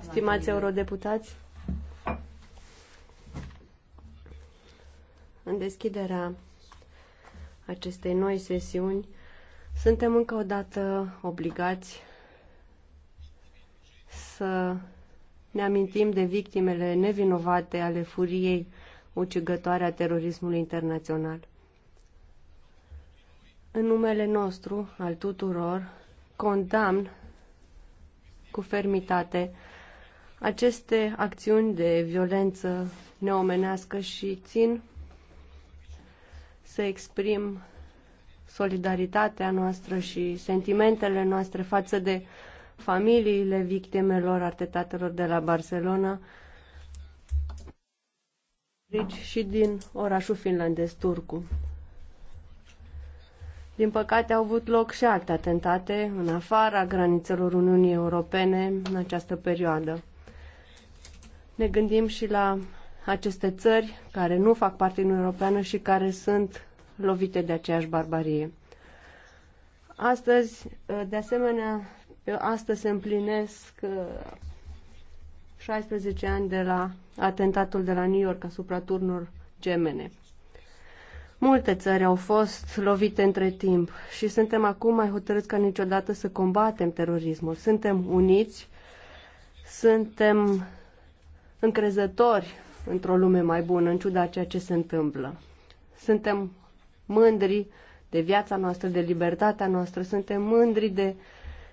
Stimați eurodeputați, în deschiderea acestei noi sesiuni, suntem încă o dată obligați să ne amintim de victimele nevinovate ale furiei ucigătoare a terorismului internațional. În numele nostru, al tuturor, condamn cu fermitate aceste acțiuni de violență neomenească și țin să exprim solidaritatea noastră și sentimentele noastre față de familiile victimelor artetatelor de la Barcelona și din orașul finlandez Turcu. Din păcate au avut loc și alte atentate în afara granițelor Uniunii Europene în această perioadă. Ne gândim și la aceste țări care nu fac parte din Europeană și care sunt lovite de aceeași barbarie. Astăzi, de asemenea, astăzi se împlinesc 16 uh, ani de la atentatul de la New York asupra turnurilor gemene. Multe țări au fost lovite între timp și suntem acum mai hotărâți ca niciodată să combatem terorismul. Suntem uniți, suntem încrezători într-o lume mai bună, în ciuda ceea ce se întâmplă. Suntem mândri de viața noastră, de libertatea noastră, suntem mândri de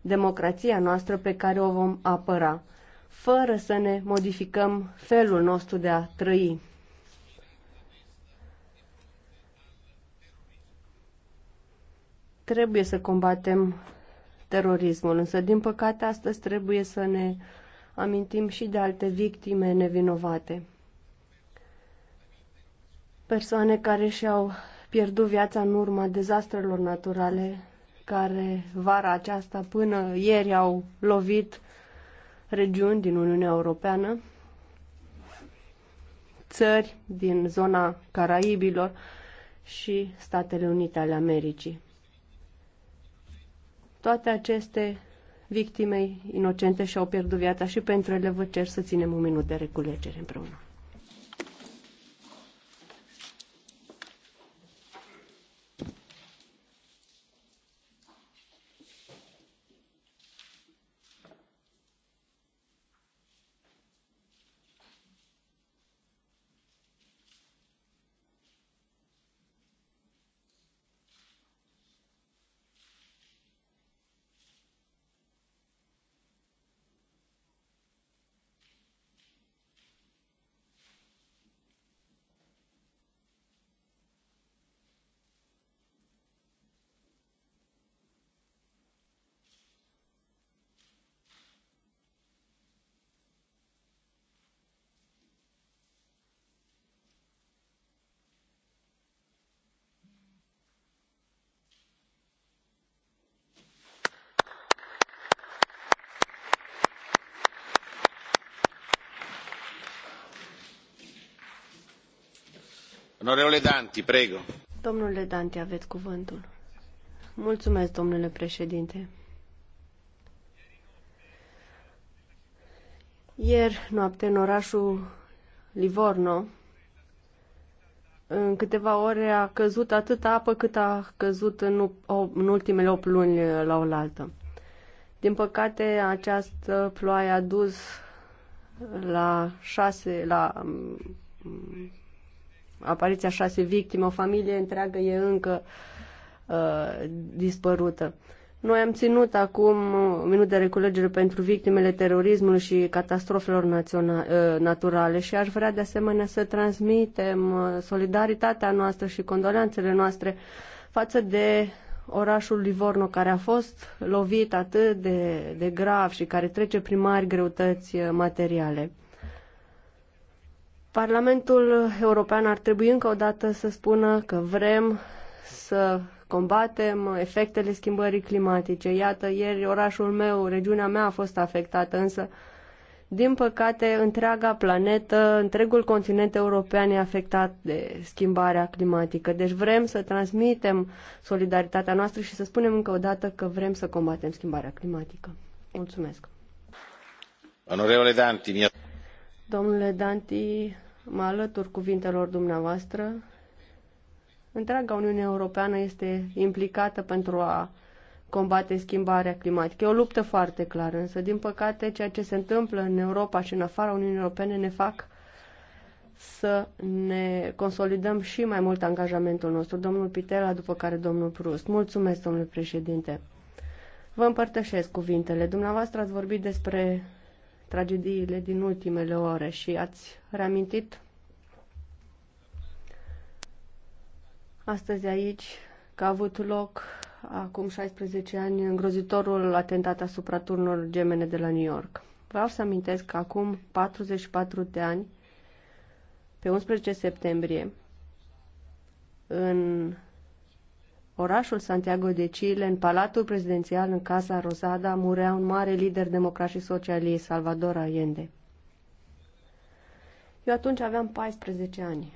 democrația noastră pe care o vom apăra, fără să ne modificăm felul nostru de a trăi. Trebuie să combatem terorismul, însă din păcate astăzi trebuie să ne amintim și de alte victime nevinovate. Persoane care și-au pierdut viața în urma dezastrelor naturale care vara aceasta până ieri au lovit regiuni din Uniunea Europeană, țări din zona Caraibilor și Statele Unite ale Americii. Toate aceste victime inocente și-au pierdut viața și pentru ele vă cer să ținem un minut de reculegere împreună. Onorevole Danti, prego. Domnule Danti, aveți cuvântul. Mulțumesc, domnule președinte. Ieri noapte în orașul Livorno, în câteva ore a căzut atât apă cât a căzut în, în ultimele 8 luni la oaltă. Din păcate, această ploaie a dus la șase, la mm, apariția șase victime, o familie întreagă e încă uh, dispărută. Noi am ținut acum un minut de reculegere pentru victimele terorismului și catastrofelor uh, naturale și aș vrea de asemenea să transmitem uh, solidaritatea noastră și condolențele noastre față de orașul Livorno care a fost lovit atât de, de grav și care trece prin mari greutăți uh, materiale. Parlamentul European ar trebui încă o dată să spună că vrem să combatem efectele schimbării climatice. Iată, ieri orașul meu, regiunea mea a fost afectată, însă, din păcate, întreaga planetă, întregul continent european e afectat de schimbarea climatică. Deci vrem să transmitem solidaritatea noastră și să spunem încă o dată că vrem să combatem schimbarea climatică. Mulțumesc. Onorevole Danti, mi Domnule Danti, mă alătur cuvintelor dumneavoastră. Întreaga Uniune Europeană este implicată pentru a combate schimbarea climatică. E o luptă foarte clară, însă, din păcate, ceea ce se întâmplă în Europa și în afara Uniunii Europene ne fac să ne consolidăm și mai mult angajamentul nostru. Domnul Pitela, după care domnul Prust. Mulțumesc, domnule președinte. Vă împărtășesc cuvintele. Dumneavoastră ați vorbit despre tragediile din ultimele ore și ați reamintit astăzi aici că a avut loc acum 16 ani îngrozitorul atentat asupra turnurilor gemene de la New York. Vreau să amintesc că acum 44 de ani, pe 11 septembrie, în orașul Santiago de Chile, în Palatul Prezidențial, în Casa Rosada, murea un mare lider democrat și socialist, Salvador Allende. Eu atunci aveam 14 ani.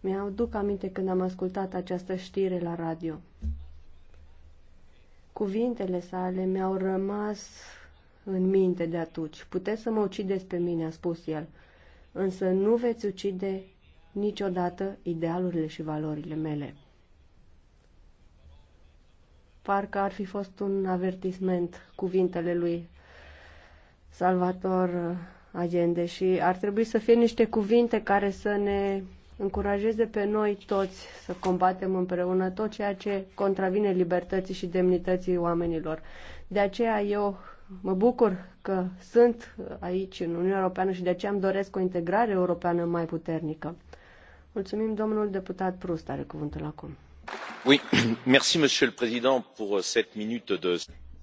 Mi-au duc aminte când am ascultat această știre la radio. Cuvintele sale mi-au rămas în minte de atunci. Puteți să mă ucideți pe mine, a spus el, însă nu veți ucide niciodată idealurile și valorile mele. Parcă ar fi fost un avertisment cuvintele lui Salvator Agende și ar trebui să fie niște cuvinte care să ne încurajeze pe noi toți să combatem împreună tot ceea ce contravine libertății și demnității oamenilor. De aceea eu mă bucur că sunt aici în Uniunea Europeană și de aceea îmi doresc o integrare europeană mai puternică. Mulțumim, domnul deputat Prust are cuvântul acum. Oui, merci, monsieur le président, pour uh, cette minute de...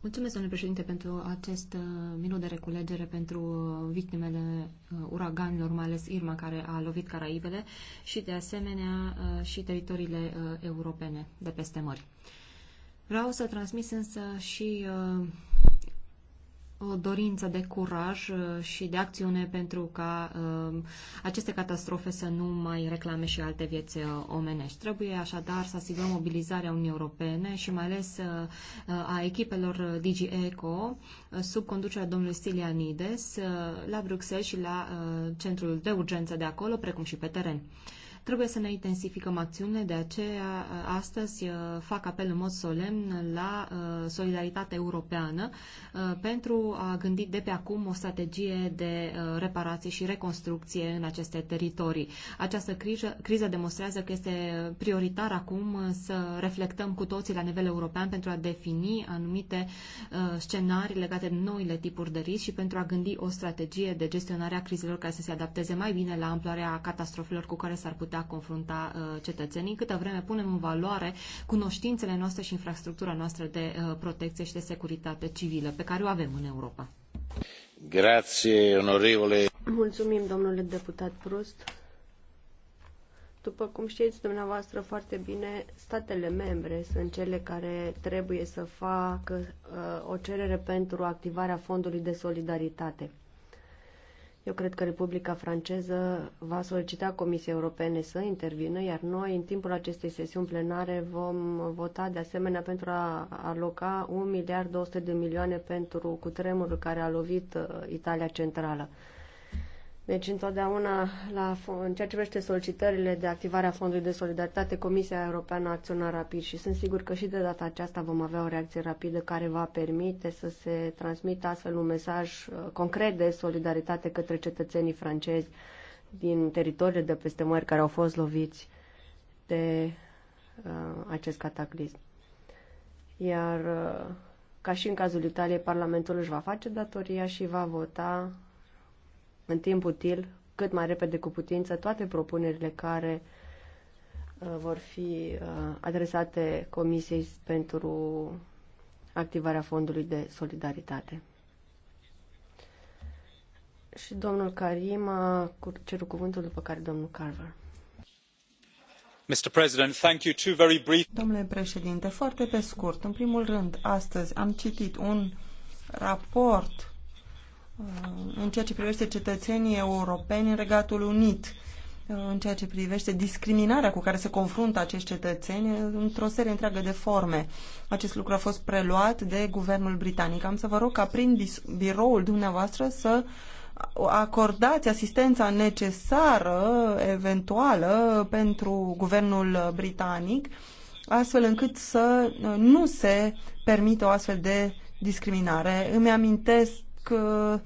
Mulțumesc, domnule președinte, pentru acest uh, minut de reculegere pentru uh, victimele uraganilor, mai ales Irma, care a lovit Caraibele și, de asemenea, și teritoriile europene de peste mări. Vreau să transmit însă și o dorință de curaj uh, și de acțiune pentru ca um, aceste catastrofe să nu mai reclame și alte vieți uh, omenești. Trebuie așadar să asigurăm mobilizarea unii Europene și mai ales uh, a echipelor DGECO sub conducerea domnului Stilianides la Bruxelles și la centrul de urgență de acolo, precum și pe teren. Trebuie să ne intensificăm acțiunile, de aceea uh, astăzi uh, fac apel în mod solemn la uh, solidaritate europeană pentru a gândi de pe acum o strategie de reparație și reconstrucție în aceste teritorii. Această criză, criză demonstrează că este prioritar acum să reflectăm cu toții la nivel european pentru a defini anumite scenarii legate de noile tipuri de risc și pentru a gândi o strategie de gestionare a crizelor care să se adapteze mai bine la amploarea catastrofelor cu care s-ar putea putea confrunta uh, cetățenii, câtă vreme punem în valoare cunoștințele noastre și infrastructura noastră de uh, protecție și de securitate civilă pe care o avem în Europa. Grazie, onorevole. Mulțumim, domnule deputat Prost. După cum știți dumneavoastră foarte bine, statele membre sunt cele care trebuie să facă uh, o cerere pentru activarea fondului de solidaritate. Eu cred că Republica Franceză va solicita Comisiei Europene să intervină, iar noi, în timpul acestei sesiuni plenare, vom vota de asemenea pentru a aloca 1 miliard 200 de milioane pentru cutremurul care a lovit uh, Italia Centrală. Deci, întotdeauna, la, în ceea ce privește solicitările de activare a Fondului de Solidaritate, Comisia Europeană acționa rapid și sunt sigur că și de data aceasta vom avea o reacție rapidă care va permite să se transmită astfel un mesaj uh, concret de solidaritate către cetățenii francezi din teritoriile de peste mări care au fost loviți de uh, acest cataclism. Iar, uh, ca și în cazul Italiei, Parlamentul își va face datoria și va vota în timp util, cât mai repede cu putință, toate propunerile care uh, vor fi uh, adresate Comisiei pentru activarea Fondului de Solidaritate. Și domnul Karim a cerut cuvântul după care domnul Carver. Mr. President, thank you. Two very brief... Domnule președinte, foarte pe scurt, în primul rând, astăzi am citit un raport în ceea ce privește cetățenii europeni în Regatul Unit, în ceea ce privește discriminarea cu care se confruntă acești cetățeni într-o serie întreagă de forme. Acest lucru a fost preluat de guvernul britanic. Am să vă rog ca prin biroul dumneavoastră să acordați asistența necesară, eventuală, pentru guvernul britanic, astfel încât să nu se permită o astfel de discriminare. Îmi amintesc Uh,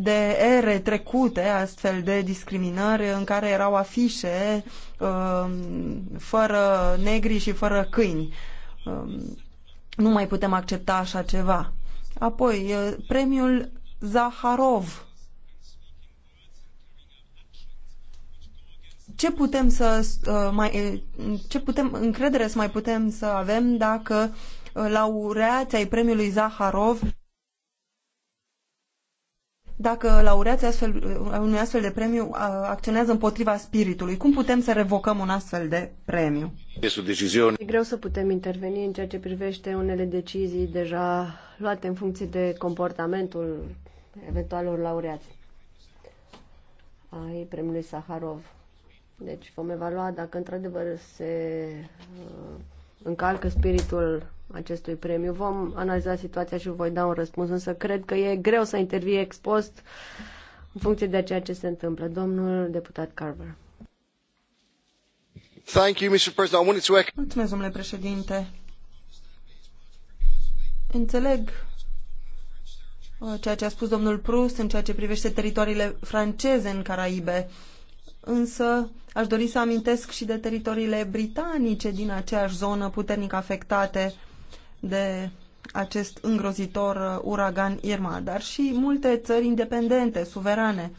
de ere trecute astfel de discriminări în care erau afișe uh, fără negri și fără câini. Um, nu mai putem accepta așa ceva. Apoi, uh, premiul Zaharov. Ce putem să mai, ce putem, încredere să mai putem să avem dacă laureații ai premiului Zaharov dacă laureații astfel, uh, unui astfel de premiu uh, acționează împotriva spiritului. Cum putem să revocăm un astfel de premiu? E greu să putem interveni în ceea ce privește unele decizii deja luate în funcție de comportamentul eventualor laureați ai premiului Saharov. Deci vom evalua dacă într-adevăr se uh, încalcă spiritul acestui premiu. Vom analiza situația și voi da un răspuns, însă cred că e greu să intervii ex post în funcție de ceea ce se întâmplă. Domnul deputat Carver. Thank you, Mr. President. I wanted to echo... Mulțumesc, domnule președinte. Înțeleg uh, ceea ce a spus domnul Prus în ceea ce privește teritoriile franceze în Caraibe însă aș dori să amintesc și de teritoriile britanice din aceeași zonă puternic afectate de acest îngrozitor uh, uragan Irma, dar și multe țări independente, suverane,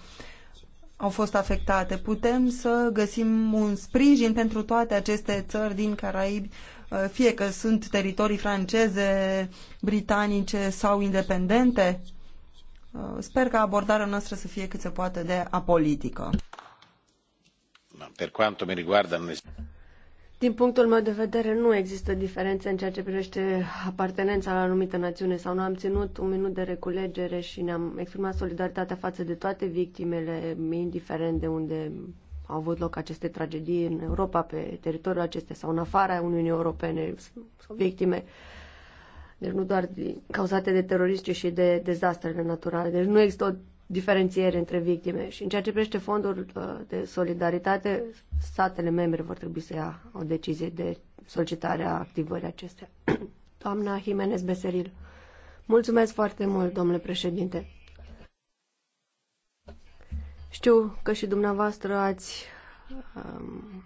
au fost afectate. Putem să găsim un sprijin pentru toate aceste țări din Caraibi, uh, fie că sunt teritorii franceze, britanice sau independente? Uh, sper că abordarea noastră să fie cât se poate de apolitică. Per quanto mi riguarda, non din punctul meu de vedere, nu există diferențe în ceea ce privește apartenența la anumită națiune sau nu. Am ținut un minut de reculegere și ne-am exprimat solidaritatea față de toate victimele, indiferent de unde au avut loc aceste tragedii în Europa, pe teritoriul acestea sau în afara Uniunii Europene, sau victime, deci nu doar cauzate de terorism, ci și de dezastrele naturale. Deci nu există o diferențiere între victime și în ceea ce privește fondul uh, de solidaritate, statele membre vor trebui să ia o decizie de solicitare a activării acestea. Doamna Jimenez Beseril, mulțumesc foarte mult, domnule președinte. Știu că și dumneavoastră ați um,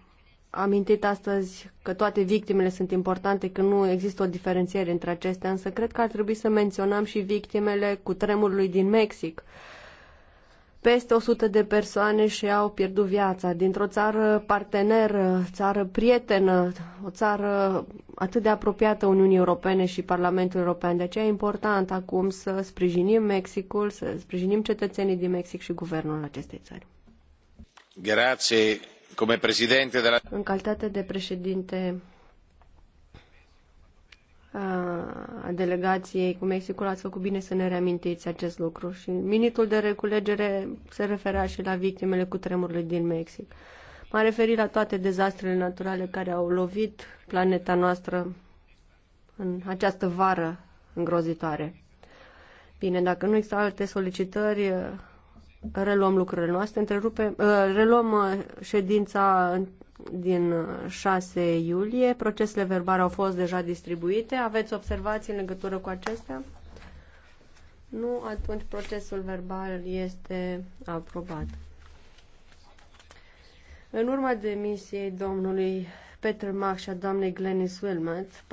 amintit astăzi că toate victimele sunt importante, că nu există o diferențiere între acestea, însă cred că ar trebui să menționăm și victimele cu tremurului din Mexic. Uh, peste 100 de persoane și-au pierdut viața dintr-o țară parteneră, țară prietenă, o țară atât de apropiată Uniunii Europene și Parlamentul European. De aceea e important acum să sprijinim Mexicul, să sprijinim cetățenii din Mexic și guvernul acestei țări. Grazie, come președinte de la... În calitate de președinte a delegației cu Mexicul, ați făcut bine să ne reamintiți acest lucru. Și minutul de reculegere se referea și la victimele cu tremurile din Mexic. M-a referit la toate dezastrele naturale care au lovit planeta noastră în această vară îngrozitoare. Bine, dacă nu există alte solicitări, reluăm lucrurile noastre, reluăm uh, ședința din 6 uh, iulie. Procesele verbale au fost deja distribuite. Aveți observații în legătură cu acestea? Nu, atunci procesul verbal este aprobat. În urma demisiei domnului Peter Mac și a doamnei Glenis Wilmot,